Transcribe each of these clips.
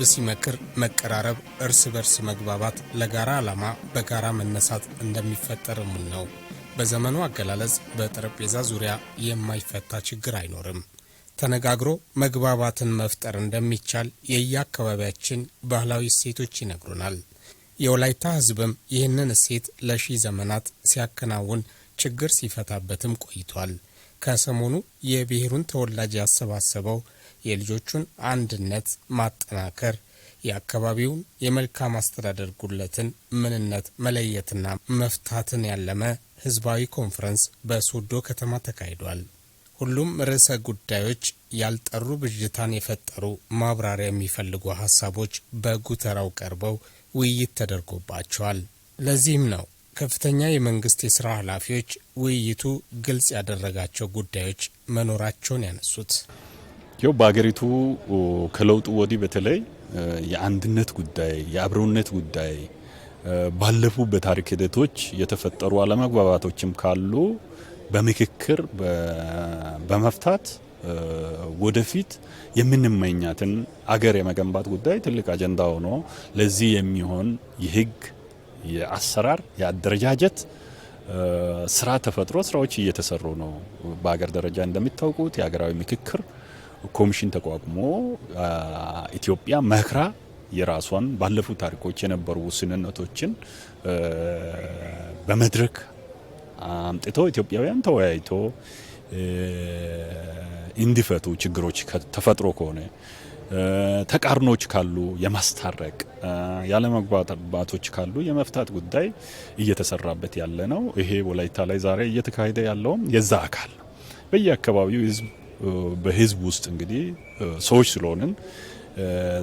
ህዝብ ሲመክር መቀራረብ፣ እርስ በርስ መግባባት፣ ለጋራ ዓላማ በጋራ መነሳት እንደሚፈጠር እሙን ነው። በዘመኑ አገላለጽ በጠረጴዛ ዙሪያ የማይፈታ ችግር አይኖርም። ተነጋግሮ መግባባትን መፍጠር እንደሚቻል የየአካባቢያችን ባህላዊ እሴቶች ይነግሩናል። የወላይታ ህዝብም ይህንን እሴት ለሺ ዘመናት ሲያከናውን ችግር ሲፈታበትም ቆይቷል። ከሰሞኑ የብሔሩን ተወላጅ ያሰባሰበው የልጆቹን አንድነት ማጠናከር የአካባቢውን የመልካም አስተዳደር ጉድለትን ምንነት መለየትና መፍታትን ያለመ ህዝባዊ ኮንፈረንስ በሶዶ ከተማ ተካሂዷል። ሁሉም ርዕሰ ጉዳዮች ያልጠሩ ብዥታን የፈጠሩ ማብራሪያ የሚፈልጉ ሀሳቦች በጉተራው ቀርበው ውይይት ተደርጎባቸዋል። ለዚህም ነው ከፍተኛ የመንግስት የስራ ኃላፊዎች ውይይቱ ግልጽ ያደረጋቸው ጉዳዮች መኖራቸውን ያነሱት። ያው በሀገሪቱ ከለውጡ ወዲህ በተለይ የአንድነት ጉዳይ፣ የአብሮነት ጉዳይ ባለፉ በታሪክ ሂደቶች የተፈጠሩ አለመግባባቶችም ካሉ በምክክር በመፍታት ወደፊት የምንመኛትን አገር የመገንባት ጉዳይ ትልቅ አጀንዳ ሆኖ ለዚህ የሚሆን የህግ የአሰራር የአደረጃጀት ስራ ተፈጥሮ ስራዎች እየተሰሩ ነው። በሀገር ደረጃ እንደሚታወቁት የሀገራዊ ምክክር ኮሚሽን ተቋቁሞ ኢትዮጵያ መክራ የራሷን ባለፉት ታሪኮች የነበሩ ውስንነቶችን በመድረክ አምጥቶ ኢትዮጵያውያን ተወያይቶ እንዲፈቱ ችግሮች ተፈጥሮ ከሆነ ተቃርኖች ካሉ የማስታረቅ ያለመግባባቶች ካሉ የመፍታት ጉዳይ እየተሰራበት ያለ ነው። ይሄ ወላይታ ላይ ዛሬ እየተካሄደ ያለውም የዛ አካል በየአካባቢው ህዝብ በህዝብ ውስጥ እንግዲህ ሰዎች ስለሆንን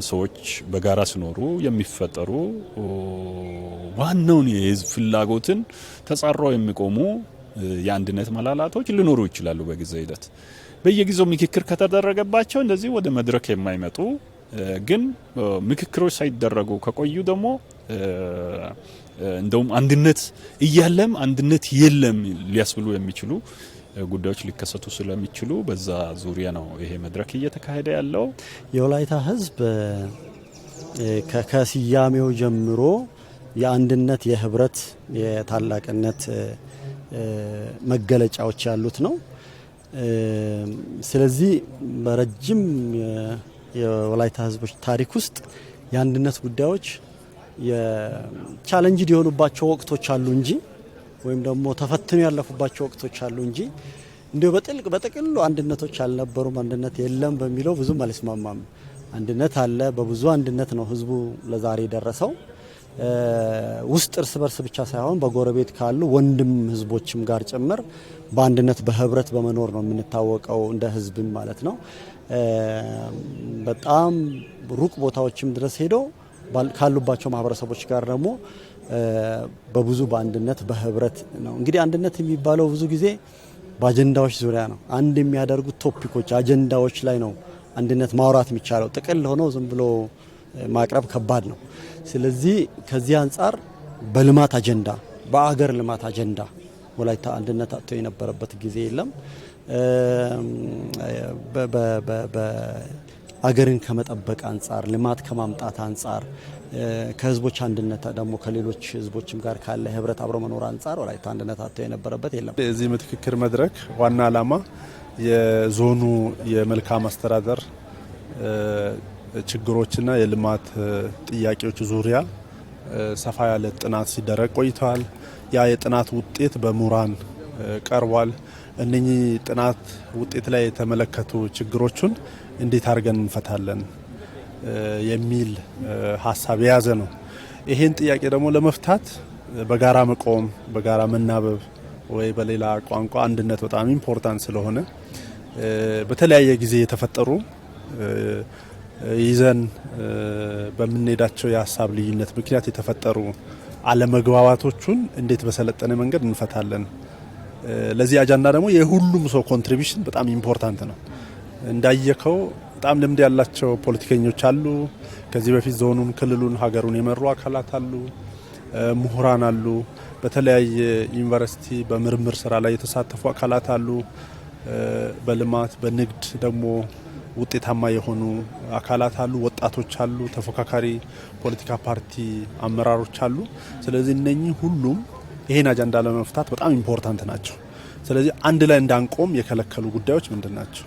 ሰዎች በጋራ ሲኖሩ የሚፈጠሩ ዋናውን የህዝብ ፍላጎትን ተጻረው የሚቆሙ የአንድነት መላላቶች ሊኖሩ ይችላሉ። በጊዜ ሂደት በየጊዜው ምክክር ከተደረገባቸው እንደዚህ ወደ መድረክ የማይመጡ ግን ምክክሮች ሳይደረጉ ከቆዩ ደግሞ እንደውም አንድነት እያለም አንድነት የለም ሊያስብሉ የሚችሉ ጉዳዮች ሊከሰቱ ስለሚችሉ በዛ ዙሪያ ነው ይሄ መድረክ እየተካሄደ ያለው። የወላይታ ህዝብ ከስያሜው ጀምሮ የአንድነት፣ የህብረት፣ የታላቅነት መገለጫዎች ያሉት ነው። ስለዚህ በረጅም የወላይታ ህዝቦች ታሪክ ውስጥ የአንድነት ጉዳዮች ቻለንጅድ የሆኑባቸው ወቅቶች አሉ እንጂ ወይም ደግሞ ተፈትኖ ያለፉባቸው ወቅቶች አሉ እንጂ እንዲሁ በጥልቅ በጥቅሉ አንድነቶች አልነበሩም፣ አንድነት የለም በሚለው ብዙም አልስማማም። አንድነት አለ። በብዙ አንድነት ነው ህዝቡ ለዛሬ የደረሰው። ውስጥ እርስ በርስ ብቻ ሳይሆን በጎረቤት ካሉ ወንድም ህዝቦችም ጋር ጭምር በአንድነት በህብረት በመኖር ነው የምንታወቀው እንደ ህዝብም ማለት ነው። በጣም ሩቅ ቦታዎችም ድረስ ሄዶ ካሉባቸው ማህበረሰቦች ጋር ደግሞ በብዙ በአንድነት በህብረት ነው። እንግዲህ አንድነት የሚባለው ብዙ ጊዜ በአጀንዳዎች ዙሪያ ነው። አንድ የሚያደርጉት ቶፒኮች አጀንዳዎች ላይ ነው አንድነት ማውራት የሚቻለው። ጥቅል ሆነው ዝም ብሎ ማቅረብ ከባድ ነው። ስለዚህ ከዚህ አንጻር በልማት አጀንዳ፣ በአገር ልማት አጀንዳ ወላይታ አንድነት አጥቶ የነበረበት ጊዜ የለም። አገርን ከመጠበቅ አንጻር ልማት ከማምጣት አንጻር ከህዝቦች አንድነት ደግሞ ከሌሎች ህዝቦችም ጋር ካለ ህብረት አብሮ መኖር አንጻር ወላይታ አንድነት አቶ የነበረበት የለም። የዚህ ምክክር መድረክ ዋና ዓላማ የዞኑ የመልካም አስተዳደር ችግሮችና የልማት ጥያቄዎች ዙሪያ ሰፋ ያለ ጥናት ሲደረግ ቆይተዋል። ያ የጥናት ውጤት በምሁራን ቀርቧል። እነኚህ ጥናት ውጤት ላይ የተመለከቱ ችግሮቹን እንዴት አድርገን እንፈታለን የሚል ሀሳብ የያዘ ነው። ይሄን ጥያቄ ደግሞ ለመፍታት በጋራ መቆም፣ በጋራ መናበብ ወይ በሌላ ቋንቋ አንድነት በጣም ኢምፖርታንት ስለሆነ በተለያየ ጊዜ የተፈጠሩ ይዘን በምንሄዳቸው የሀሳብ ልዩነት ምክንያት የተፈጠሩ አለመግባባቶቹን እንዴት በሰለጠነ መንገድ እንፈታለን። ለዚህ አጀንዳ ደግሞ የሁሉም ሰው ኮንትሪቢሽን በጣም ኢምፖርታንት ነው። እንዳየከው በጣም ልምድ ያላቸው ፖለቲከኞች አሉ። ከዚህ በፊት ዞኑን፣ ክልሉን፣ ሀገሩን የመሩ አካላት አሉ፣ ምሁራን አሉ፣ በተለያየ ዩኒቨርሲቲ በምርምር ስራ ላይ የተሳተፉ አካላት አሉ። በልማት በንግድ ደግሞ ውጤታማ የሆኑ አካላት አሉ፣ ወጣቶች አሉ፣ ተፎካካሪ ፖለቲካ ፓርቲ አመራሮች አሉ። ስለዚህ እነኚህ ሁሉም ይሄን አጀንዳ ለመፍታት በጣም ኢምፖርታንት ናቸው። ስለዚህ አንድ ላይ እንዳንቆም የከለከሉ ጉዳዮች ምንድን ናቸው?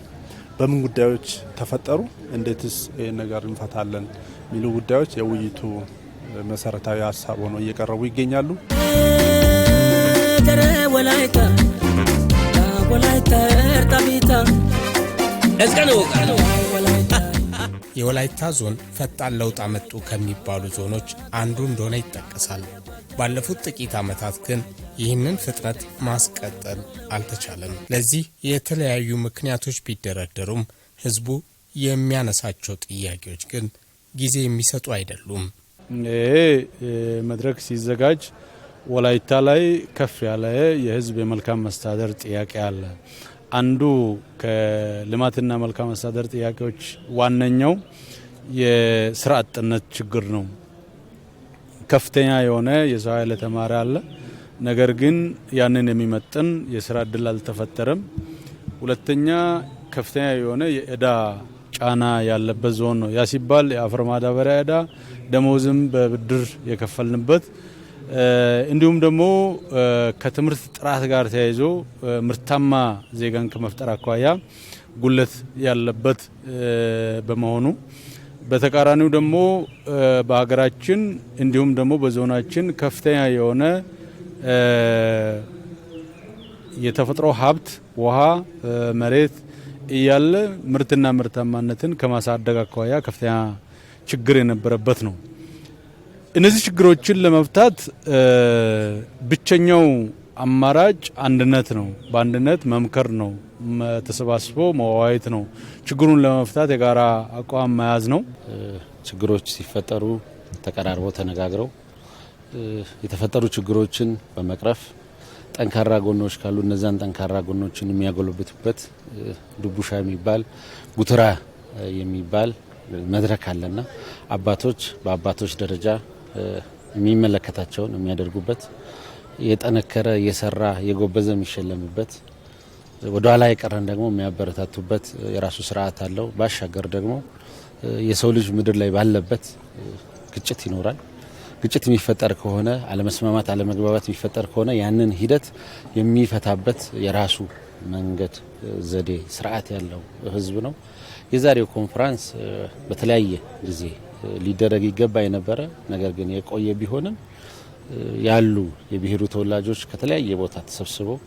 በምን ጉዳዮች ተፈጠሩ፣ እንዴትስ ይህን ነገር እንፈታለን የሚሉ ጉዳዮች የውይይቱ መሰረታዊ ሀሳብ ሆነው እየቀረቡ ይገኛሉ። የወላይታ ዞን ፈጣን ለውጥ አመጡ ከሚባሉ ዞኖች አንዱ እንደሆነ ይጠቀሳል። ባለፉት ጥቂት ዓመታት ግን ይህንን ፍጥነት ማስቀጠል አልተቻለም። ለዚህ የተለያዩ ምክንያቶች ቢደረደሩም ህዝቡ የሚያነሳቸው ጥያቄዎች ግን ጊዜ የሚሰጡ አይደሉም። ይሄ መድረክ ሲዘጋጅ ወላይታ ላይ ከፍ ያለ የህዝብ የመልካም መስተዳደር ጥያቄ አለ። አንዱ ከልማትና መልካም መስተዳደር ጥያቄዎች ዋነኛው የስራ አጥነት ችግር ነው። ከፍተኛ የሆነ የሰው ኃይል ተማሪ አለ። ነገር ግን ያንን የሚመጥን የስራ እድል አልተፈጠረም። ሁለተኛ ከፍተኛ የሆነ የእዳ ጫና ያለበት ዞን ነው። ያ ሲባል የአፈር ማዳበሪያ እዳ፣ ደሞዝም በብድር የከፈልንበት እንዲሁም ደግሞ ከትምህርት ጥራት ጋር ተያይዞ ምርታማ ዜጋን ከመፍጠር አኳያ ጉለት ያለበት በመሆኑ በተቃራኒው ደግሞ በሀገራችን እንዲሁም ደግሞ በዞናችን ከፍተኛ የሆነ የተፈጥሮ ሀብት ውሃ፣ መሬት እያለ ምርትና ምርታማነትን ከማሳደግ አኳያ ከፍተኛ ችግር የነበረበት ነው። እነዚህ ችግሮችን ለመፍታት ብቸኛው አማራጭ አንድነት ነው። በአንድነት መምከር ነው። ተሰባስቦ መዋየት ነው። ችግሩን ለመፍታት የጋራ አቋም መያዝ ነው። ችግሮች ሲፈጠሩ ተቀራርቦ ተነጋግረው የተፈጠሩ ችግሮችን በመቅረፍ ጠንካራ ጎኖች ካሉ እነዛን ጠንካራ ጎኖችን የሚያጎለብቱበት ዱቡሻ የሚባል ጉትራ የሚባል መድረክ አለና አባቶች በአባቶች ደረጃ የሚመለከታቸውን የሚያደርጉበት የጠነከረ የሰራ የጎበዘ የሚሸለምበት ወደኋላ የቀረን ደግሞ የሚያበረታቱበት የራሱ ስርዓት አለው። ባሻገር ደግሞ የሰው ልጅ ምድር ላይ ባለበት ግጭት ይኖራል። ግጭት የሚፈጠር ከሆነ አለመስማማት፣ አለመግባባት የሚፈጠር ከሆነ ያንን ሂደት የሚፈታበት የራሱ መንገድ፣ ዘዴ፣ ስርዓት ያለው ህዝብ ነው። የዛሬው ኮንፈራንስ በተለያየ ጊዜ ሊደረግ ይገባ የነበረ ነገር ግን የቆየ ቢሆንም ያሉ የብሔሩ ተወላጆች ከተለያየ ቦታ ተሰብስበው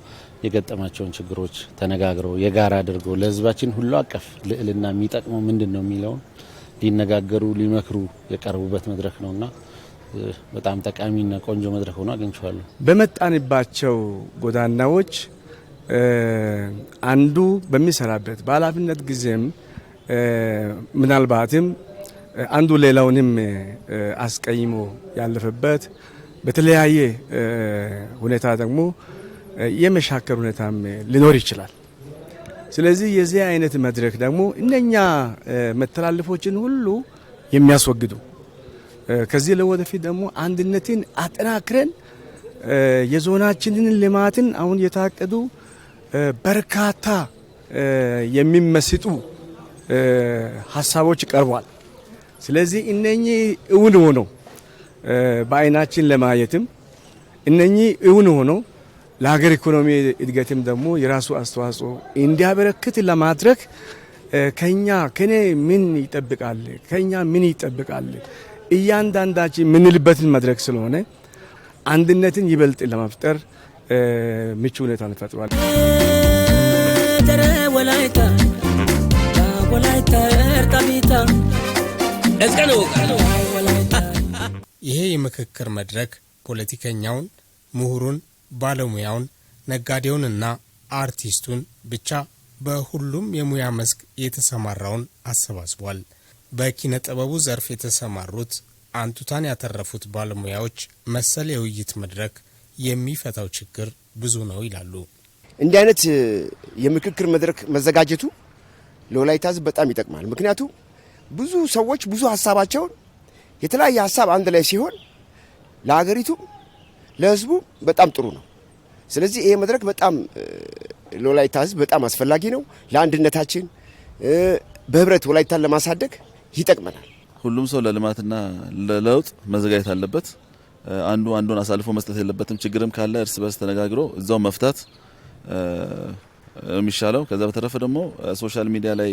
የገጠማቸውን ችግሮች ተነጋግረው የጋራ አድርገው ለህዝባችን ሁሉ አቀፍ ልዕልና የሚጠቅመው ምንድን ነው የሚለውን ሊነጋገሩ ሊመክሩ የቀረቡበት መድረክ ነውና በጣም ጠቃሚና ቆንጆ መድረክ ሆኖ አግኝቼዋለሁ። በመጣንባቸው ጎዳናዎች አንዱ በሚሰራበት በኃላፊነት ጊዜም ምናልባትም አንዱ ሌላውንም አስቀይሞ ያለፈበት በተለያየ ሁኔታ ደግሞ የመሻከር ሁኔታም ሊኖር ይችላል። ስለዚህ የዚህ አይነት መድረክ ደግሞ እነኛ መተላለፎችን ሁሉ የሚያስወግዱ ከዚህ ለወደፊት ደግሞ አንድነትን አጠናክረን የዞናችንን ልማትን አሁን የታቀዱ በርካታ የሚመስጡ ሀሳቦች ቀርቧል። ስለዚህ እነኚህ እውን ሆኖ በአይናችን ለማየትም እነኚህ እውን ሆኖ ለሀገር ኢኮኖሚ እድገትም ደግሞ የራሱ አስተዋጽኦ እንዲያበረክት ለማድረግ ከኛ ከኔ ምን ይጠብቃል? ከኛ ምን ይጠብቃል? እያንዳንዳችን የምንልበትን መድረክ ስለሆነ አንድነትን ይበልጥ ለመፍጠር ምቹ ሁኔታን ፈጥሯል። ይሄ የምክክር መድረክ ፖለቲከኛውን፣ ምሁሩን፣ ባለሙያውን፣ ነጋዴውንና አርቲስቱን ብቻ በሁሉም የሙያ መስክ የተሰማራውን አሰባስቧል። በኪነ ጥበቡ ዘርፍ የተሰማሩት አንቱታን ያተረፉት ባለሙያዎች መሰል የውይይት መድረክ የሚፈታው ችግር ብዙ ነው ይላሉ። እንዲህ አይነት የምክክር መድረክ መዘጋጀቱ ለወላይታ ሕዝብ በጣም ይጠቅማል። ምክንያቱም ብዙ ሰዎች ብዙ ሀሳባቸውን የተለያየ ሀሳብ አንድ ላይ ሲሆን ለሀገሪቱ ለሕዝቡ በጣም ጥሩ ነው። ስለዚህ ይሄ መድረክ በጣም ለወላይታ ሕዝብ በጣም አስፈላጊ ነው። ለአንድነታችን በህብረት ወላይታን ለማሳደግ ይጠቅመናል። ሁሉም ሰው ለልማትና ለለውጥ መዘጋጀት አለበት። አንዱ አንዱን አሳልፎ መስጠት የለበትም። ችግርም ካለ እርስ በርስ ተነጋግሮ እዛው መፍታት የሚሻለው። ከዛ በተረፈ ደግሞ ሶሻል ሚዲያ ላይ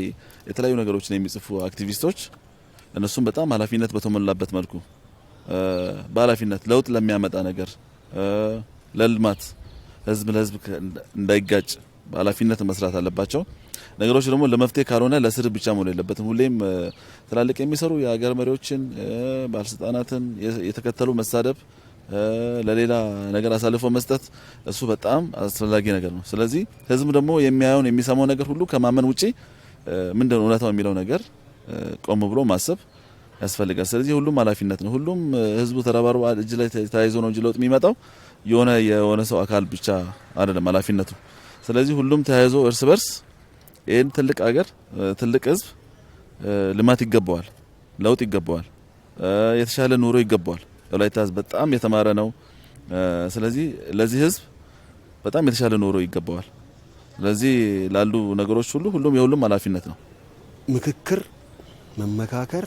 የተለያዩ ነገሮችን የሚጽፉ አክቲቪስቶች እነሱም በጣም ኃላፊነት በተሞላበት መልኩ በኃላፊነት ለውጥ ለሚያመጣ ነገር ለልማት ህዝብ ለህዝብ እንዳይጋጭ በኃላፊነት መስራት አለባቸው። ነገሮች ደግሞ ለመፍትሄ ካልሆነ ለስር ብቻ መሆን የለበትም። ሁሌም ትላልቅ የሚሰሩ የሀገር መሪዎችን ባለስልጣናትን የተከተሉ መሳደብ፣ ለሌላ ነገር አሳልፎ መስጠት እሱ በጣም አስፈላጊ ነገር ነው። ስለዚህ ህዝብ ደግሞ የሚያየውን የሚሰማው ነገር ሁሉ ከማመን ውጪ ምንድነው እውነታው የሚለው ነገር ቆም ብሎ ማሰብ ያስፈልጋል። ስለዚህ ሁሉም ኃላፊነት ነው። ሁሉም ህዝቡ ተረባርቦ እጅ ላይ ተያይዞ ነው እንጂ ለውጥ የሚመጣው የሆነ የሆነ ሰው አካል ብቻ አይደለም ኃላፊነቱ። ስለዚህ ሁሉም ተያይዞ እርስ በርስ ይህን ትልቅ ሀገር ትልቅ ህዝብ ልማት ይገባዋል፣ ለውጥ ይገባዋል፣ የተሻለ ኑሮ ይገባዋል። ወላይታ ህዝብ በጣም የተማረ ነው። ስለዚህ ለዚህ ህዝብ በጣም የተሻለ ኑሮ ይገባዋል። ስለዚህ ላሉ ነገሮች ሁሉ ሁሉም የሁሉም ኃላፊነት ነው። ምክክር፣ መመካከር፣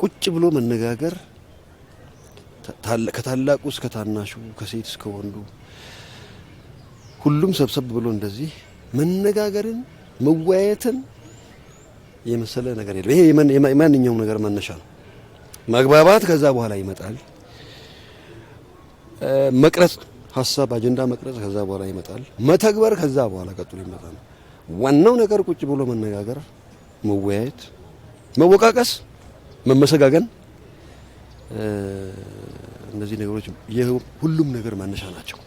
ቁጭ ብሎ መነጋገር ከታላቁ እስከ ታናሹ ከሴት እስከ ወንዱ ሁሉም ሰብሰብ ብሎ እንደዚህ መነጋገርን መወያየትን የመሰለ ነገር የለም። ይሄ የማንኛውም ነገር መነሻ ነው። መግባባት ከዛ በኋላ ይመጣል። መቅረጽ ሀሳብ አጀንዳ መቅረጽ ከዛ በኋላ ይመጣል። መተግበር ከዛ በኋላ ቀጥሎ ይመጣል። ዋናው ነገር ቁጭ ብሎ መነጋገር፣ መወያየት፣ መወቃቀስ፣ መመሰጋገን እነዚህ ነገሮች የሁሉም ነገር መነሻ ናቸው።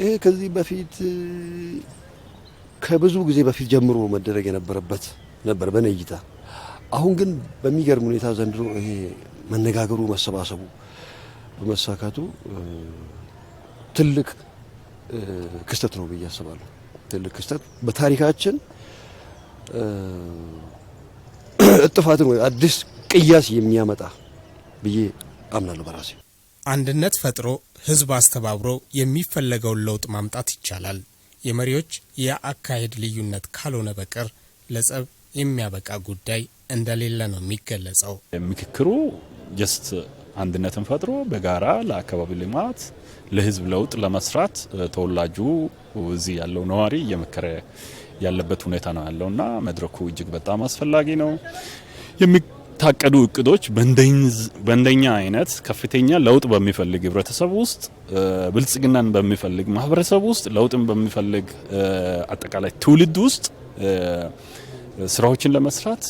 ይሄ ከዚህ በፊት ከብዙ ጊዜ በፊት ጀምሮ መደረግ የነበረበት ነበር በእኔ እይታ። አሁን ግን በሚገርም ሁኔታ ዘንድሮ ይሄ መነጋገሩ መሰባሰቡ በመሳካቱ ትልቅ ክስተት ነው ብዬ አስባለሁ። ትልቅ ክስተት በታሪካችን እጥፋትን ወይ አዲስ ቅያስ የሚያመጣ ብዬ አምናለሁ በራሴ። አንድነት ፈጥሮ ህዝብ አስተባብሮ የሚፈለገውን ለውጥ ማምጣት ይቻላል። የመሪዎች የአካሄድ ልዩነት ካልሆነ በቀር ለጸብ የሚያበቃ ጉዳይ እንደሌለ ነው የሚገለጸው። ምክክሩ ጀስት አንድነትን ፈጥሮ በጋራ ለአካባቢ ልማት ለህዝብ ለውጥ ለመስራት ተወላጁ እዚህ ያለው ነዋሪ እየመከረ ያለበት ሁኔታ ነው ያለውእና መድረኩ እጅግ በጣም አስፈላጊ ነው። የታቀዱ እቅዶች በእንደኛ አይነት ከፍተኛ ለውጥ በሚፈልግ ህብረተሰብ ውስጥ ብልጽግናን በሚፈልግ ማህበረሰብ ውስጥ ለውጥን በሚፈልግ አጠቃላይ ትውልድ ውስጥ ስራዎችን ለመስራት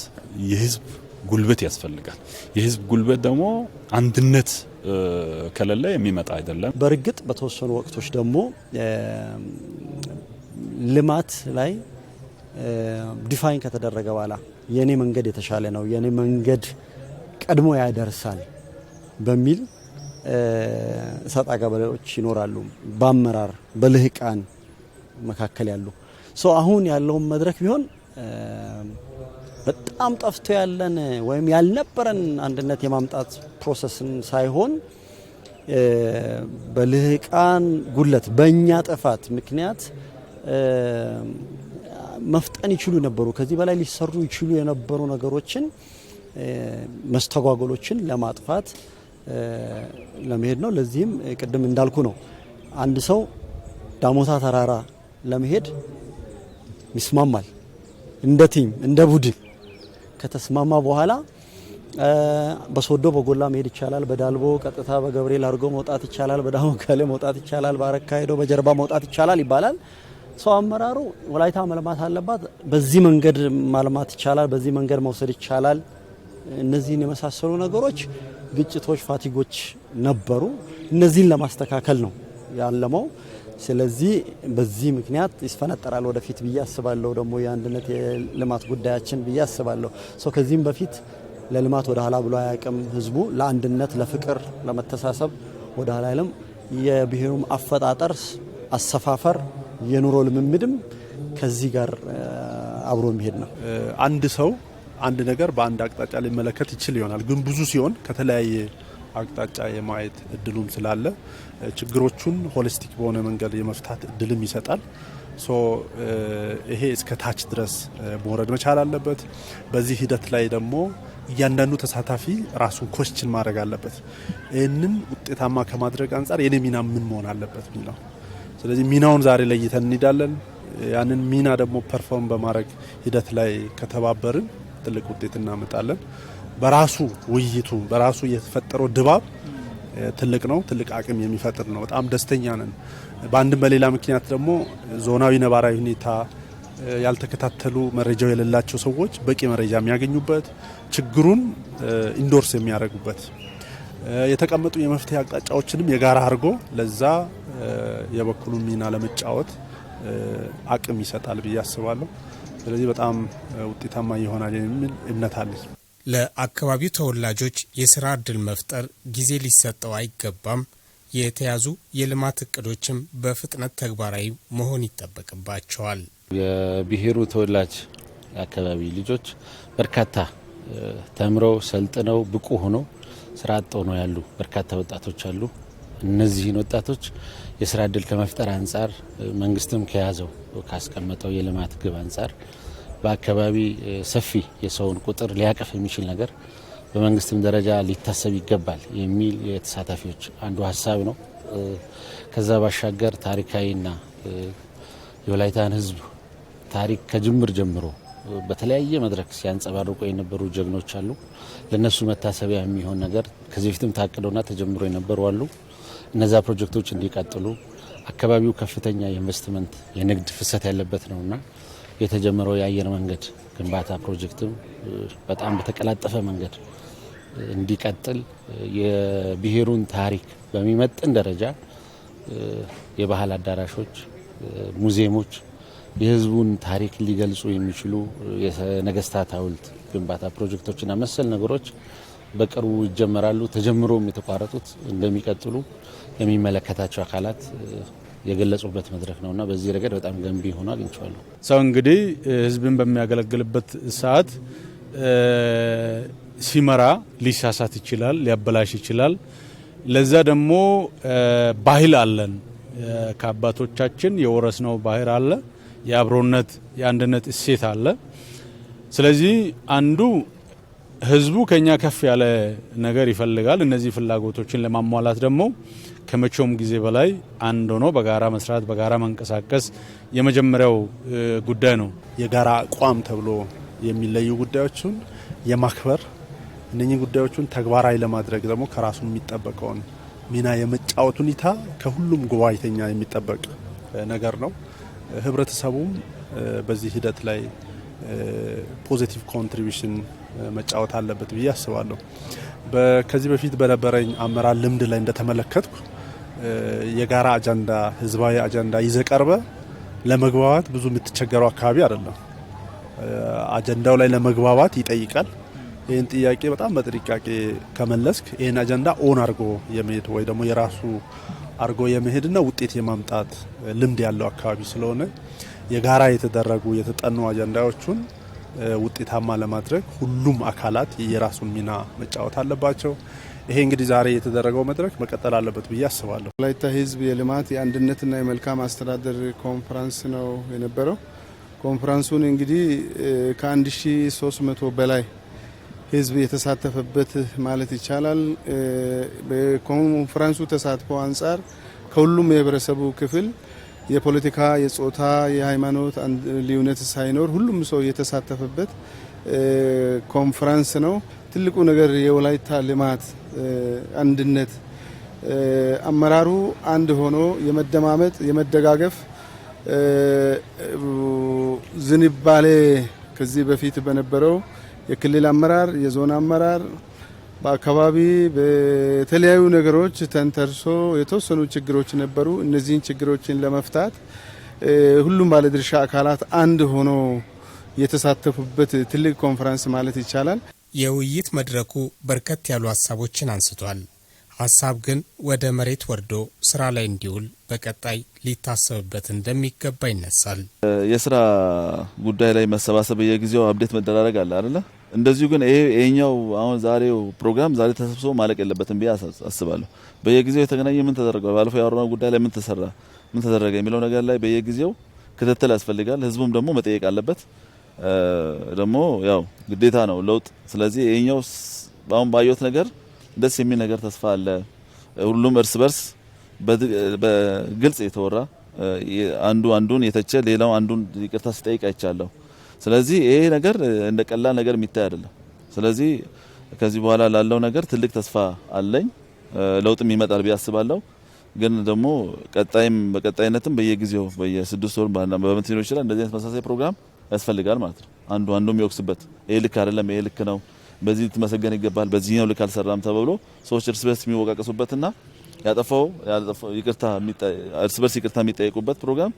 የህዝብ ጉልበት ያስፈልጋል። የህዝብ ጉልበት ደግሞ አንድነት ከሌለ የሚመጣ አይደለም። በእርግጥ በተወሰኑ ወቅቶች ደግሞ ልማት ላይ ዲፋይን ከተደረገ በኋላ የእኔ መንገድ የተሻለ ነው፣ የእኔ መንገድ ቀድሞ ያደርሳል በሚል ሰጣ ገበሬዎች ይኖራሉ፣ በአመራር በልህቃን መካከል ያሉ ሰው አሁን ያለውን መድረክ ቢሆን በጣም ጠፍቶ ያለን ወይም ያልነበረን አንድነት የማምጣት ፕሮሰስን ሳይሆን በልህቃን ጉለት በእኛ ጥፋት ምክንያት መፍጠን ይችሉ ነበሩ። ከዚህ በላይ ሊሰሩ ይችሉ የነበሩ ነገሮችን መስተጓጎሎችን ለማጥፋት ለመሄድ ነው። ለዚህም ቅድም እንዳልኩ ነው አንድ ሰው ዳሞታ ተራራ ለመሄድ ይስማማል። እንደ ቲም እንደ ቡድን ከተስማማ በኋላ በሶዶ በጎላ መሄድ ይቻላል። በዳልቦ ቀጥታ በገብርኤል አድርጎ መውጣት ይቻላል። በዳሞ ከሌ መውጣት ይቻላል። በአረካ ሄዶ በጀርባ መውጣት ይቻላል ይባላል። ሰው አመራሩ ወላይታ መልማት አለባት፣ በዚህ መንገድ ማልማት ይቻላል፣ በዚህ መንገድ መውሰድ ይቻላል። እነዚህን የመሳሰሉ ነገሮች ግጭቶች፣ ፋቲጎች ነበሩ። እነዚህን ለማስተካከል ነው ያለመው። ስለዚህ በዚህ ምክንያት ይስፈነጠራል ወደፊት ብዬ አስባለሁ። ደግሞ የአንድነት የልማት ጉዳያችን ብዬ አስባለሁ። ሰው ከዚህም በፊት ለልማት ወደ ኋላ ብሎ አያውቅም። ህዝቡ ለአንድነት፣ ለፍቅር፣ ለመተሳሰብ ወደ ኋላ አይልም። የብሔሩም አፈጣጠር አሰፋፈር የኑሮ ልምምድም ከዚህ ጋር አብሮ የሚሄድ ነው። አንድ ሰው አንድ ነገር በአንድ አቅጣጫ ሊመለከት ይችል ይሆናል፣ ግን ብዙ ሲሆን ከተለያየ አቅጣጫ የማየት እድሉም ስላለ ችግሮቹን ሆሊስቲክ በሆነ መንገድ የመፍታት እድልም ይሰጣል። ሶ ይሄ እስከ ታች ድረስ መውረድ መቻል አለበት። በዚህ ሂደት ላይ ደግሞ እያንዳንዱ ተሳታፊ ራሱን ኮስችን ማድረግ አለበት። ይህንን ውጤታማ ከማድረግ አንጻር የኔ ሚና ምን መሆን አለበት የሚለው ስለዚህ ሚናውን ዛሬ ለይተን እንሄዳለን። ያንን ሚና ደግሞ ፐርፎርም በማድረግ ሂደት ላይ ከተባበርን ትልቅ ውጤት እናመጣለን። በራሱ ውይይቱ በራሱ የተፈጠረው ድባብ ትልቅ ነው። ትልቅ አቅም የሚፈጥር ነው። በጣም ደስተኛ ነን። በአንድም በሌላ ምክንያት ደግሞ ዞናዊ ነባራዊ ሁኔታ ያልተከታተሉ መረጃው የሌላቸው ሰዎች በቂ መረጃ የሚያገኙበት ችግሩን ኢንዶርስ የሚያደርጉበት የተቀመጡ የመፍትሄ አቅጣጫዎችንም የጋራ አድርጎ ለዛ የበኩሉ ሚና ለመጫወት አቅም ይሰጣል ብዬ አስባለሁ። ስለዚህ በጣም ውጤታማ ይሆናል የሚል እምነት አለኝ። ለአካባቢው ተወላጆች የስራ እድል መፍጠር ጊዜ ሊሰጠው አይገባም። የተያዙ የልማት እቅዶችም በፍጥነት ተግባራዊ መሆን ይጠበቅባቸዋል። የብሔሩ ተወላጅ አካባቢ ልጆች በርካታ ተምረው ሰልጥነው ብቁ ሆነው ስራ አጥ ነው ያሉ በርካታ ወጣቶች አሉ። እነዚህን ወጣቶች የስራ እድል ከመፍጠር አንጻር መንግስትም ከያዘው ካስቀመጠው የልማት ግብ አንጻር በአካባቢ ሰፊ የሰውን ቁጥር ሊያቀፍ የሚችል ነገር በመንግስትም ደረጃ ሊታሰብ ይገባል የሚል የተሳታፊዎች አንዱ ሀሳብ ነው። ከዛ ባሻገር ታሪካዊና የወላይታን ህዝብ ታሪክ ከጅምር ጀምሮ በተለያየ መድረክ ሲያንጸባርቁ የነበሩ ጀግኖች አሉ። ለእነሱ መታሰቢያ የሚሆን ነገር ከዚህ በፊትም ታቅደውና ተጀምሮ የነበሩ አሉ። እነዛ ፕሮጀክቶች እንዲቀጥሉ አካባቢው ከፍተኛ የኢንቨስትመንት የንግድ ፍሰት ያለበት ነውና የተጀመረው የአየር መንገድ ግንባታ ፕሮጀክትም በጣም በተቀላጠፈ መንገድ እንዲቀጥል የብሔሩን ታሪክ በሚመጥን ደረጃ የባህል አዳራሾች፣ ሙዚየሞች የህዝቡን ታሪክ ሊገልጹ የሚችሉ የነገስታት ሐውልት ግንባታ ፕሮጀክቶችና መሰል ነገሮች በቅርቡ ይጀመራሉ። ተጀምሮም የተቋረጡት እንደሚቀጥሉ የሚመለከታቸው አካላት የገለጹበት መድረክ እና በዚህ ረገድ በጣም ገንቢ ሆኖ አግኝቼዋለሁ። ሰው እንግዲህ ህዝብን በሚያገለግልበት ሰዓት ሲመራ ሊሳሳት ይችላል፣ ሊያበላሽ ይችላል። ለዛ ደግሞ ባህል አለን፣ ከአባቶቻችን የወረስነው ባህል አለ። የአብሮነት የአንድነት እሴት አለ። ስለዚህ አንዱ ህዝቡ ከኛ ከፍ ያለ ነገር ይፈልጋል። እነዚህ ፍላጎቶችን ለማሟላት ደግሞ ከመቼውም ጊዜ በላይ አንድ ሆኖ በጋራ መስራት፣ በጋራ መንቀሳቀስ የመጀመሪያው ጉዳይ ነው። የጋራ አቋም ተብሎ የሚለዩ ጉዳዮችን የማክበር እነኚህ ጉዳዮችን ተግባራዊ ለማድረግ ደግሞ ከራሱ የሚጠበቀውን ሚና የመጫወት ሁኔታ ከሁሉም ጉባኤተኛ የሚጠበቅ ነገር ነው። ህብረተሰቡም በዚህ ሂደት ላይ ፖዚቲቭ ኮንትሪቢሽን መጫወት አለበት ብዬ አስባለሁ። ከዚህ በፊት በነበረኝ አመራር ልምድ ላይ እንደተመለከትኩ የጋራ አጀንዳ፣ ህዝባዊ አጀንዳ ይዘ ቀርበ ለመግባባት ብዙ የምትቸገረው አካባቢ አይደለም። አጀንዳው ላይ ለመግባባት ይጠይቃል። ይህን ጥያቄ በጣም በጥንቃቄ ከመለስክ ይህን አጀንዳ ኦን አድርጎ የመሄድ ወይ ደግሞ የራሱ አድርጎ የመሄድና ውጤት የማምጣት ልምድ ያለው አካባቢ ስለሆነ የጋራ የተደረጉ የተጠኑ አጀንዳዎቹን ውጤታማ ለማድረግ ሁሉም አካላት የራሱን ሚና መጫወት አለባቸው። ይሄ እንግዲህ ዛሬ የተደረገው መድረክ መቀጠል አለበት ብዬ አስባለሁ። ወላይታ ሕዝብ የልማት የአንድነትና የመልካም አስተዳደር ኮንፈረንስ ነው የነበረው። ኮንፈረንሱን እንግዲህ ከ1300 በላይ ህዝብ የተሳተፈበት ማለት ይቻላል። በኮንፈረንሱ ተሳትፎ አንጻር ከሁሉም የህብረተሰቡ ክፍል የፖለቲካ፣ የጾታ፣ የሃይማኖት ልዩነት ሳይኖር ሁሉም ሰው የተሳተፈበት ኮንፈረንስ ነው። ትልቁ ነገር የወላይታ ልማት አንድነት አመራሩ አንድ ሆኖ የመደማመጥ የመደጋገፍ ዝንባሌ ከዚህ በፊት በነበረው የክልል አመራር፣ የዞን አመራር በአካባቢ በተለያዩ ነገሮች ተንተርሶ የተወሰኑ ችግሮች ነበሩ። እነዚህን ችግሮችን ለመፍታት ሁሉም ባለድርሻ አካላት አንድ ሆኖ የተሳተፉበት ትልቅ ኮንፈረንስ ማለት ይቻላል። የውይይት መድረኩ በርከት ያሉ ሀሳቦችን አንስቷል። ሀሳብ ግን ወደ መሬት ወርዶ ስራ ላይ እንዲውል በቀጣይ ሊታሰብበት እንደሚገባ ይነሳል። የስራ ጉዳይ ላይ መሰባሰብ በየጊዜው አብዴት መደራረግ አለ አይደለ? እንደዚሁ ግን ይሄኛው አሁን ዛሬው ፕሮግራም ዛሬ ተሰብስቦ ማለቅ የለበትም ብዬ አስባለሁ። በየጊዜው የተገናኘ ምን ተደረገ፣ ባለፈው የአሮና ጉዳይ ላይ ምን ተሰራ፣ ምን ተደረገ የሚለው ነገር ላይ በየጊዜው ክትትል ያስፈልጋል። ህዝቡም ደግሞ መጠየቅ አለበት። ደግሞ ያው ግዴታ ነው ለውጥ። ስለዚህ ይሄኛው አሁን ባየሁት ነገር ደስ የሚል ነገር ተስፋ አለ። ሁሉም እርስ በርስ በግልጽ የተወራ አንዱ አንዱን የተቸ ሌላው አንዱን ይቅርታ ሲጠይቅ አይቻለሁ። ስለዚህ ይሄ ነገር እንደ ቀላል ነገር የሚታይ አይደለም። ስለዚህ ከዚህ በኋላ ላለው ነገር ትልቅ ተስፋ አለኝ። ለውጥም ይመጣል ብዬ አስባለሁ። ግን ደግሞ ቀጣይም በቀጣይነትም በየጊዜው በየስድስት ወር በአመት ሊሆን ይችላል እንደዚህ አይነት መሳሳይ ፕሮግራም ያስፈልጋል ማለት ነው። አንዱ አንዱ የሚወቅስበት ይሄ ልክ አይደለም፣ ይሄ ልክ ነው በዚህ ልትመሰገን ይገባል፣ በዚህ ነው ልክ አልሰራም ተብሎ ሰዎች እርስ በርስ የሚወቃቀሱበትና ያጠፋው ያጠፋው ይቅርታ እርስ በርስ ይቅርታ የሚጠየቁበት ፕሮግራም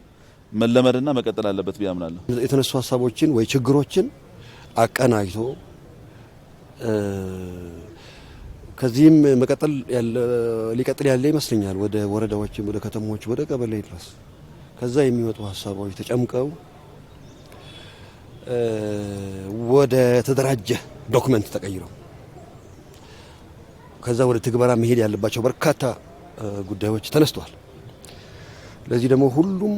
መለመድና መቀጠል አለበት ብዬ አምናለሁ። የተነሱ ሀሳቦችን ወይ ችግሮችን አቀናጅቶ ከዚህም መቀጠል ሊቀጥል ያለ ይመስለኛል። ወደ ወረዳዎችም፣ ወደ ከተሞች፣ ወደ ቀበሌ ድረስ ከዛ የሚመጡ ሀሳቦች ተጨምቀው ወደ ተደራጀ ዶክመንት ተቀይሮ ከዛ ወደ ትግበራ መሄድ ያለባቸው በርካታ ጉዳዮች ተነስተዋል። ለዚህ ደግሞ ሁሉም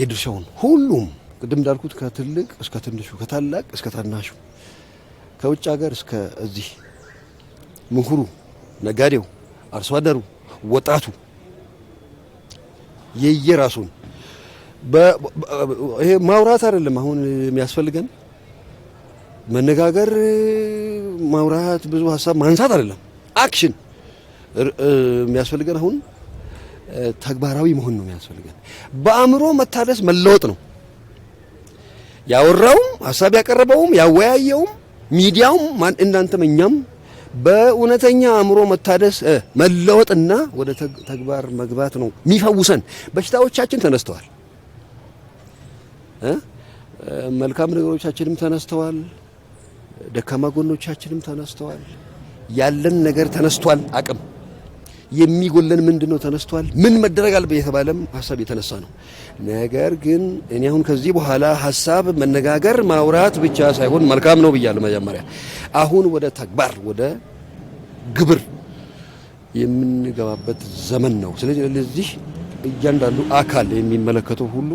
የድርሻውን ሁሉም ቅድም እንዳልኩት ከትልቅ እስከ ትንሹ ከታላቅ እስከ ታናሹ ከውጭ ሀገር እስከ እዚህ ምሁሩ፣ ነጋዴው፣ አርሶ አደሩ፣ ወጣቱ የየራሱን ይሄ ማውራት አይደለም አሁን የሚያስፈልገን መነጋገር፣ ማውራት፣ ብዙ ሀሳብ ማንሳት አይደለም። አክሽን የሚያስፈልገን አሁን ተግባራዊ መሆን ነው የሚያስፈልገን። በአእምሮ መታደስ መለወጥ ነው። ያወራውም ሀሳብ ያቀረበውም ያወያየውም ሚዲያውም ማን እናንተም እኛም በእውነተኛ አእምሮ መታደስ መለወጥና ወደ ተግባር መግባት ነው የሚፈውሰን። በሽታዎቻችን ተነስተዋል። መልካም ነገሮቻችንም ተነስተዋል፣ ደካማ ጎኖቻችንም ተነስተዋል። ያለን ነገር ተነስቷል። አቅም የሚጎለን ምንድን ነው ተነስቷል። ምን መደረግ አለበት የተባለም ሀሳብ የተነሳ ነው። ነገር ግን እኔ አሁን ከዚህ በኋላ ሀሳብ መነጋገር ማውራት ብቻ ሳይሆን መልካም ነው ብያለሁ። መጀመሪያ አሁን ወደ ተግባር ወደ ግብር የምንገባበት ዘመን ነው። ስለዚህ ለዚህ እያንዳንዱ አካል የሚመለከተው ሁሉ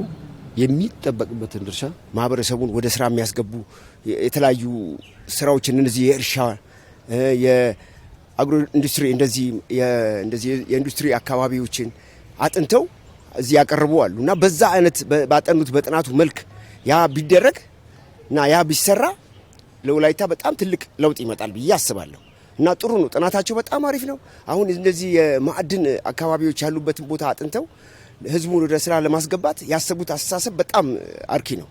የሚጠበቅበትን ድርሻ ማህበረሰቡን ወደ ስራ የሚያስገቡ የተለያዩ ስራዎችን እነዚህ የእርሻ የአግሮ ኢንዱስትሪ እንደዚህ የኢንዱስትሪ አካባቢዎችን አጥንተው እዚህ ያቀርቡ አሉ እና በዛ አይነት ባጠኑት በጥናቱ መልክ ያ ቢደረግ እና ያ ቢሰራ ለወላይታ በጣም ትልቅ ለውጥ ይመጣል ብዬ አስባለሁ። እና ጥሩ ነው ጥናታቸው በጣም አሪፍ ነው። አሁን እነዚህ የማዕድን አካባቢዎች ያሉበትን ቦታ አጥንተው ህዝቡን ወደ ስራ ለማስገባት ያሰቡት አስተሳሰብ በጣም አርኪ ነው።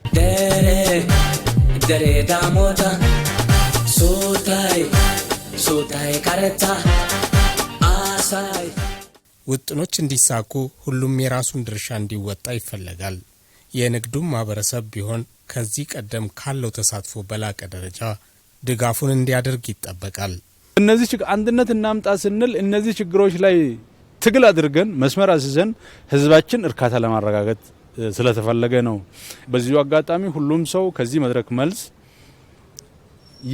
ውጥኖች እንዲሳኩ ሁሉም የራሱን ድርሻ እንዲወጣ ይፈለጋል። የንግዱም ማህበረሰብ ቢሆን ከዚህ ቀደም ካለው ተሳትፎ በላቀ ደረጃ ድጋፉን እንዲያደርግ ይጠበቃል። እነዚህ አንድነት እናምጣ ስንል እነዚህ ችግሮች ላይ ትግል አድርገን መስመር አስይዘን ህዝባችን እርካታ ለማረጋገጥ ስለተፈለገ ነው። በዚሁ አጋጣሚ ሁሉም ሰው ከዚህ መድረክ መልስ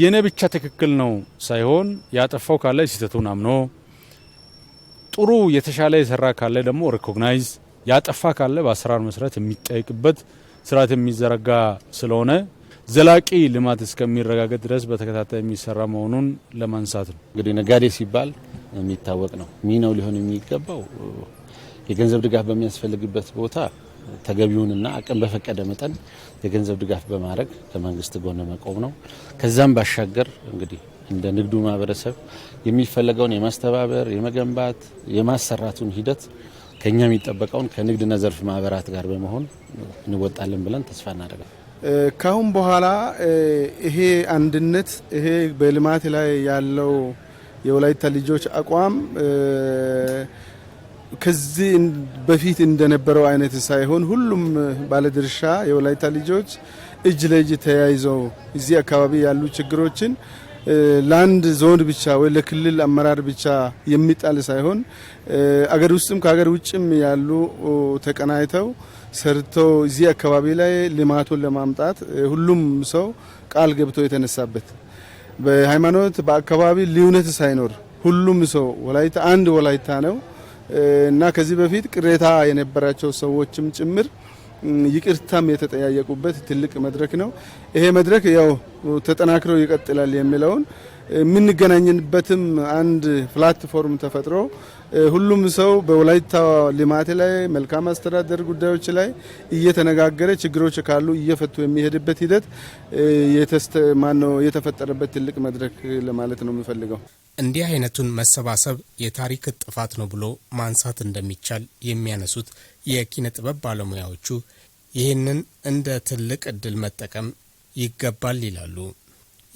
የኔ ብቻ ትክክል ነው ሳይሆን ያጠፋው ካለ ስህተቱን አምኖ ጥሩ የተሻለ የሰራ ካለ ደግሞ ሪኮግናይዝ ያጠፋ ካለ በአሰራር መሰረት የሚጠይቅበት ስርዓት የሚዘረጋ ስለሆነ ዘላቂ ልማት እስከሚረጋገጥ ድረስ በተከታታይ የሚሰራ መሆኑን ለማንሳት ነው። እንግዲህ ነጋዴ ሲባል የሚታወቅ ነው። ሚናው ሊሆን የሚገባው የገንዘብ ድጋፍ በሚያስፈልግበት ቦታ ተገቢውንና አቅም በፈቀደ መጠን የገንዘብ ድጋፍ በማድረግ ከመንግስት ጎን መቆም ነው። ከዛም ባሻገር እንግዲህ እንደ ንግዱ ማህበረሰብ የሚፈለገውን የማስተባበር የመገንባት፣ የማሰራቱን ሂደት ከኛ የሚጠበቀውን ከንግድና ዘርፍ ማህበራት ጋር በመሆን እንወጣለን ብለን ተስፋ እናደርጋለን። ካሁን በኋላ ይሄ አንድነት ይሄ በልማት ላይ ያለው የወላይታ ልጆች አቋም ከዚህ በፊት እንደነበረው አይነት ሳይሆን ሁሉም ባለድርሻ የወላይታ ልጆች እጅ ለእጅ ተያይዘው እዚህ አካባቢ ያሉ ችግሮችን ለአንድ ዞን ብቻ ወይ ለክልል አመራር ብቻ የሚጣል ሳይሆን አገር ውስጥም ከሀገር ውጭም ያሉ ተቀናይተው ሰርተው እዚህ አካባቢ ላይ ልማቱን ለማምጣት ሁሉም ሰው ቃል ገብቶ የተነሳበት በሃይማኖት በአካባቢ ልዩነት ሳይኖር ሁሉም ሰው ወላይታ አንድ ወላይታ ነው እና ከዚህ በፊት ቅሬታ የነበራቸው ሰዎችም ጭምር ይቅርታም የተጠያየቁበት ትልቅ መድረክ ነው። ይሄ መድረክ ያው ተጠናክሮ ይቀጥላል የሚለውን የምንገናኝበትም አንድ ፕላትፎርም ተፈጥሮ ሁሉም ሰው በወላይታ ልማት ላይ መልካም አስተዳደር ጉዳዮች ላይ እየተነጋገረ ችግሮች ካሉ እየፈቱ የሚሄድበት ሂደት ማነው የተፈጠረበት ትልቅ መድረክ ለማለት ነው የምፈልገው። እንዲህ አይነቱን መሰባሰብ የታሪክ ጥፋት ነው ብሎ ማንሳት እንደሚቻል የሚያነሱት የኪነ ጥበብ ባለሙያዎቹ ይህንን እንደ ትልቅ እድል መጠቀም ይገባል ይላሉ።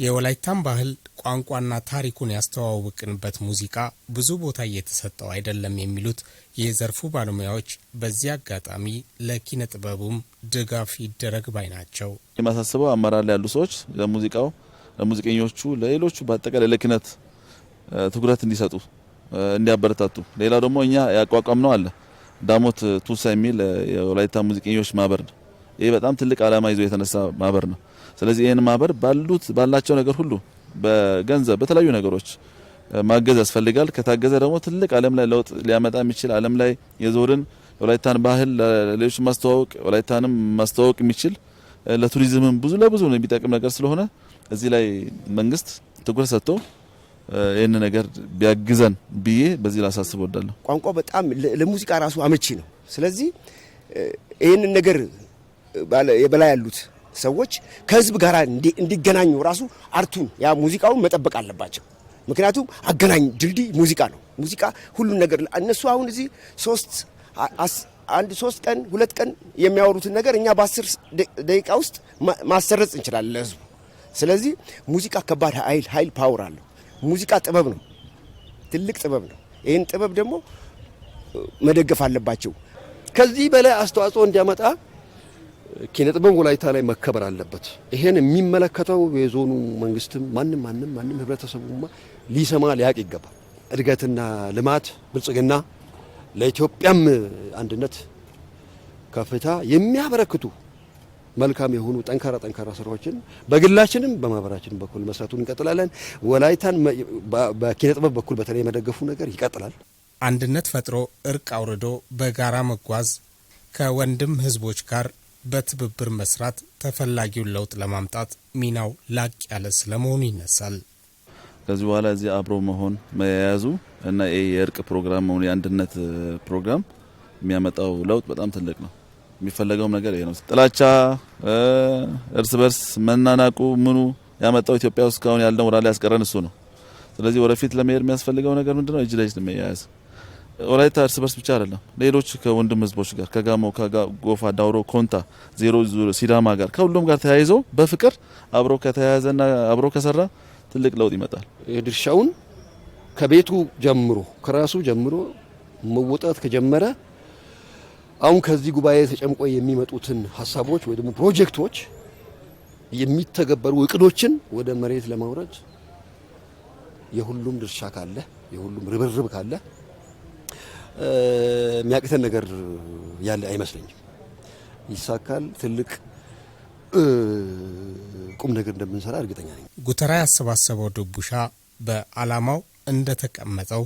የወላይታን ባህል ቋንቋና ታሪኩን ያስተዋውቅንበት ሙዚቃ ብዙ ቦታ እየተሰጠው አይደለም የሚሉት የዘርፉ ባለሙያዎች በዚህ አጋጣሚ ለኪነ ጥበቡም ድጋፍ ይደረግ ባይ ናቸው። የማሳስበው አመራር ላይ ያሉ ሰዎች ለሙዚቃው፣ ለሙዚቀኞቹ፣ ለሌሎቹ በአጠቃላይ ለኪነት ትኩረት እንዲሰጡ እንዲያበረታቱ። ሌላ ደግሞ እኛ ያቋቋም ነው አለ ዳሞት ቱሳ የሚል የወላይታ ሙዚቀኞች ማህበር ነው። ይህ በጣም ትልቅ ዓላማ ይዞ የተነሳ ማህበር ነው። ስለዚህ ይህን ማህበር ባሉት ባላቸው ነገር ሁሉ በገንዘብ በተለያዩ ነገሮች ማገዝ ያስፈልጋል። ከታገዘ ደግሞ ትልቅ ዓለም ላይ ለውጥ ሊያመጣ የሚችል ዓለም ላይ የዞርን ወላይታን ባህል ለሌሎች ማስተዋወቅ ወላይታንም ማስተዋወቅ የሚችል ለቱሪዝምም ብዙ ለብዙ ነው የሚጠቅም ነገር ስለሆነ እዚህ ላይ መንግስት ትኩረት ሰጥቶ ይህን ነገር ቢያግዘን ብዬ በዚህ ላሳስብ ወዳለሁ። ቋንቋ በጣም ለሙዚቃ ራሱ አመቺ ነው። ስለዚህ ይህንን ነገር የበላይ ያሉት ሰዎች ከህዝብ ጋር እንዲገናኙ ራሱ አርቱን ያ ሙዚቃውን መጠበቅ አለባቸው። ምክንያቱም አገናኝ ድልድይ ሙዚቃ ነው። ሙዚቃ ሁሉን ነገር እነሱ አሁን እዚህ ሶስት አንድ ሶስት ቀን ሁለት ቀን የሚያወሩትን ነገር እኛ በአስር ደቂቃ ውስጥ ማሰረጽ እንችላለን ለህዝቡ። ስለዚህ ሙዚቃ ከባድ ኃይል ኃይል ፓወር አለው። ሙዚቃ ጥበብ ነው፣ ትልቅ ጥበብ ነው። ይህን ጥበብ ደግሞ መደገፍ አለባቸው። ከዚህ በላይ አስተዋጽኦ እንዲያመጣ ኪነጥበብ ወላይታ ላይ መከበር አለበት። ይሄን የሚመለከተው የዞኑ መንግስትም ማንም ማንም ማንም ህብረተሰቡማ ሊሰማ ሊያቅ ይገባል። እድገትና ልማት ብልጽግና ለኢትዮጵያም አንድነት ከፍታ የሚያበረክቱ መልካም የሆኑ ጠንካራ ጠንካራ ስራዎችን በግላችንም በማህበራችን በኩል መስራቱን እንቀጥላለን። ወላይታን በኪነጥበብ በኩል በተለይ የመደገፉ ነገር ይቀጥላል። አንድነት ፈጥሮ እርቅ አውርዶ በጋራ መጓዝ ከወንድም ህዝቦች ጋር በትብብር መስራት ተፈላጊውን ለውጥ ለማምጣት ሚናው ላቅ ያለ ስለመሆኑ ይነሳል። ከዚህ በኋላ እዚህ አብሮ መሆን መያያዙ እና ይህ የእርቅ ፕሮግራም መሆኑ የአንድነት ፕሮግራም የሚያመጣው ለውጥ በጣም ትልቅ ነው። የሚፈለገውም ነገር ይሄ ነው። ጥላቻ፣ እርስ በርስ መናናቁ ምኑ ያመጣው ኢትዮጵያ ውስጥ እስካሁን ያለው ራ ያስቀረን እሱ ነው። ስለዚህ ወደፊት ለመሄድ የሚያስፈልገው ነገር ምንድነው? እጅ ለእጅ መያያዝ ወላይታ እርስ በርስ ብቻ አይደለም፣ ሌሎች ከወንድም ህዝቦች ጋር ከጋሞ፣ ጎፋ ዳውሮ፣ ኮንታ፣ ዜሮ ሲዳማ ጋር ከሁሉም ጋር ተያይዞ በፍቅር አብሮ ከተያያዘና አብሮ ከሰራ ትልቅ ለውጥ ይመጣል። የድርሻውን ከቤቱ ጀምሮ ከራሱ ጀምሮ መወጣት ከጀመረ አሁን ከዚህ ጉባኤ ተጨምቆ የሚመጡትን ሀሳቦች ወይ ደግሞ ፕሮጀክቶች የሚተገበሩ እቅዶችን ወደ መሬት ለማውረድ የሁሉም ድርሻ ካለ የሁሉም ርብርብ ካለ የሚያቅተን ነገር ያለ አይመስለኝም። ይሳካል። ትልቅ ቁም ነገር እንደምንሰራ እርግጠኛ ነኝ። ጉተራ ያሰባሰበው ድቡሻ በዓላማው እንደተቀመጠው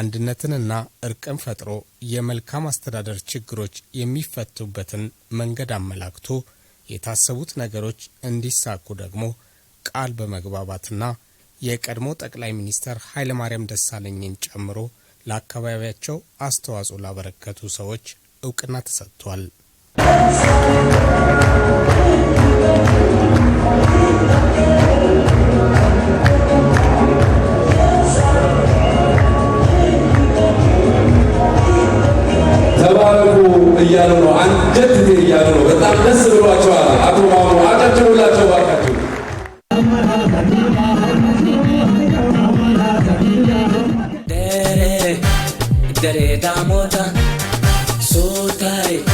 አንድነትንና እርቅን ፈጥሮ የመልካም አስተዳደር ችግሮች የሚፈቱበትን መንገድ አመላክቶ የታሰቡት ነገሮች እንዲሳኩ ደግሞ ቃል በመግባባትና የቀድሞ ጠቅላይ ሚኒስትር ኃይለማርያም ደሳለኝን ጨምሮ ለአካባቢያቸው አስተዋጽኦ ላበረከቱ ሰዎች እውቅና ተሰጥቷል። ተባረኩ እያሉ ነው። አንጀት እያሉ ነው። በጣም ደስ ብሏቸዋል። አቶ ማሞ አጫቸው ሁላቸው ባካቸው Garee daamoota Suutaayi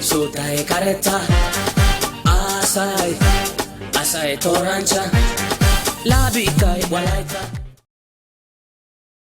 Suutaayi karetaa Asaayi Asaayi tooraancha Laabi ikaayi walaayitaa.